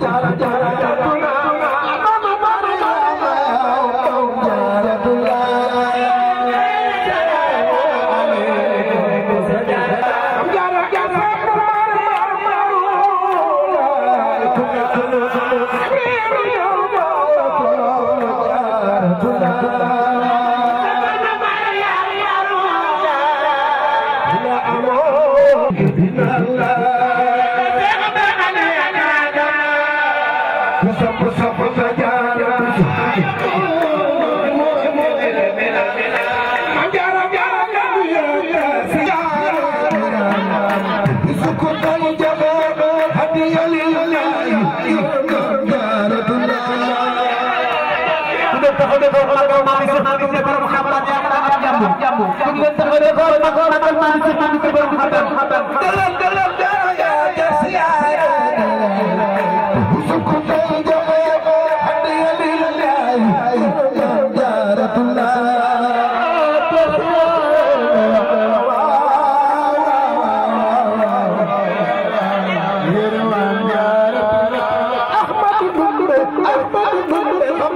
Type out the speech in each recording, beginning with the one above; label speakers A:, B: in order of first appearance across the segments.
A: Jara, jara. Jangan lupa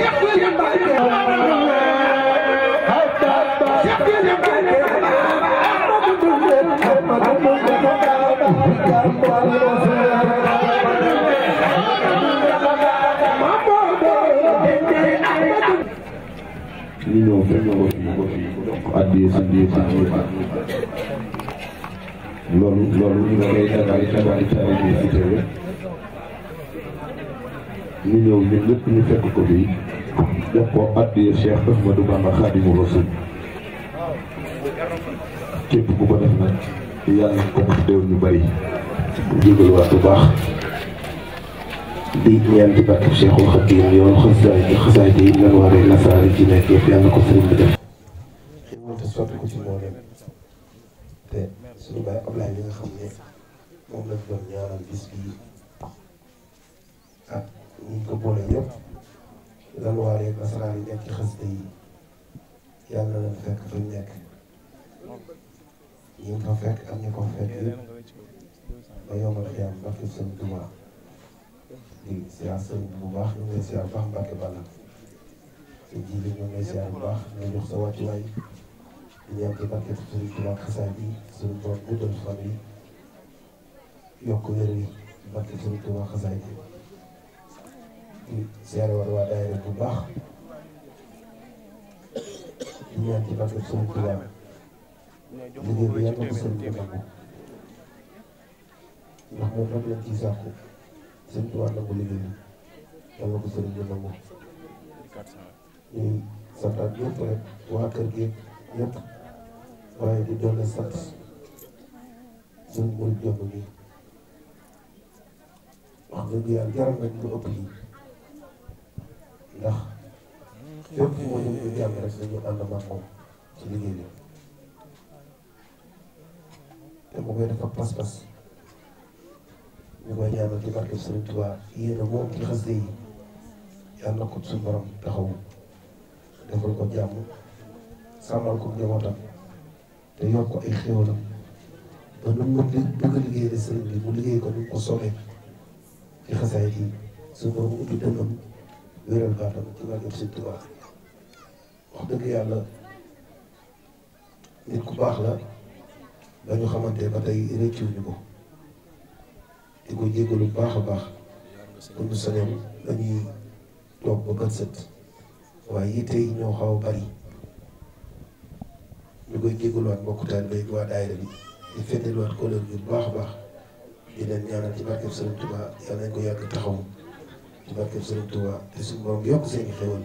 A: ñu ñëw fekk nga ko fi nga ko fi addiye si addiye si loolu loolu ñu nga koy tabali tabali tabali ñu ñëw ñun ñëpp ñu fekk ko fii def ko addiya Cheikh Ahmadou Bamba Xaadimu Rasuul képp ku ko def nag yàlla na ko def déew ñu bëri jégalu waat bu baax di ñaan ci barke Cheikhul Xadim yoon yi xasaay yi lan waree nasaare nekk yëpp ko sëriñ bi def xam ne ci xasida yi yàlla na fekk fañ nekk ñu fa fekk am ñu ko fekk yëpp ba yombal xiyam barke sëñ Tuubaa di siyaar bu baax ñu ngi siyaar bu baax Mbàkke Balla te ji bu baax ñu jox sa wàccuwaay di ñaan ci barke sëñ Tuubaa xasaay bi suñu borom guddal yokk wér yi barke sëñ Tuubaa xasaay bi di siyaare war bu baax di ñaan ci barke Sëriñ Tuubaa liggéey bi yàlla ko sëriñ bi nangu ndax moom rek lañ ciy sàkku Sëriñ Tuubaa nangu liggéey bi yàlla ko sëriñ bi nangu ñuy santaat rek waa kër gi ñëpp waaye di doon sant suñu mbir jëmm bi wax dëgg yàlla jaral nañ lu ëpp lii ndax fépp fu ma leen koy jàng ci liggéey bi te mu koy pas-pas ñu koy ñaanal ci barke Sëriñ Tuubaa yéen a moom ci xasida yi yàlla na ko suñu borom taxawu defal ko jàmm sàmmal ko njabootam te yokk ko ay xéwalam ba nu mu bëgg a liggéey de sëriñ bi mu liggéey ko nu ko soobee ci xasaay yi suñu borom ubbi dënnam wéral baatam ci barke Sëriñ Tuubaa wax dëgg yàlla nit ku baax la dañu xamante ba tey réccuwuñu ko di ko lu baax a baax mu ñu sañoon dañuy toog ba bët set waaye yi ñoo xaw a bari ñu koy jéggaluwaat mbokk taalibe yi waa daayira bi di feddeluwaat kóllëre bu baax a baax di leen ñaanal ci barkeb Sëriñ Tuubaa yàlla nañ ko yàgg taxaw ci barkeb Sëriñ Tuubaa te suñu borom yokk seeni xéwal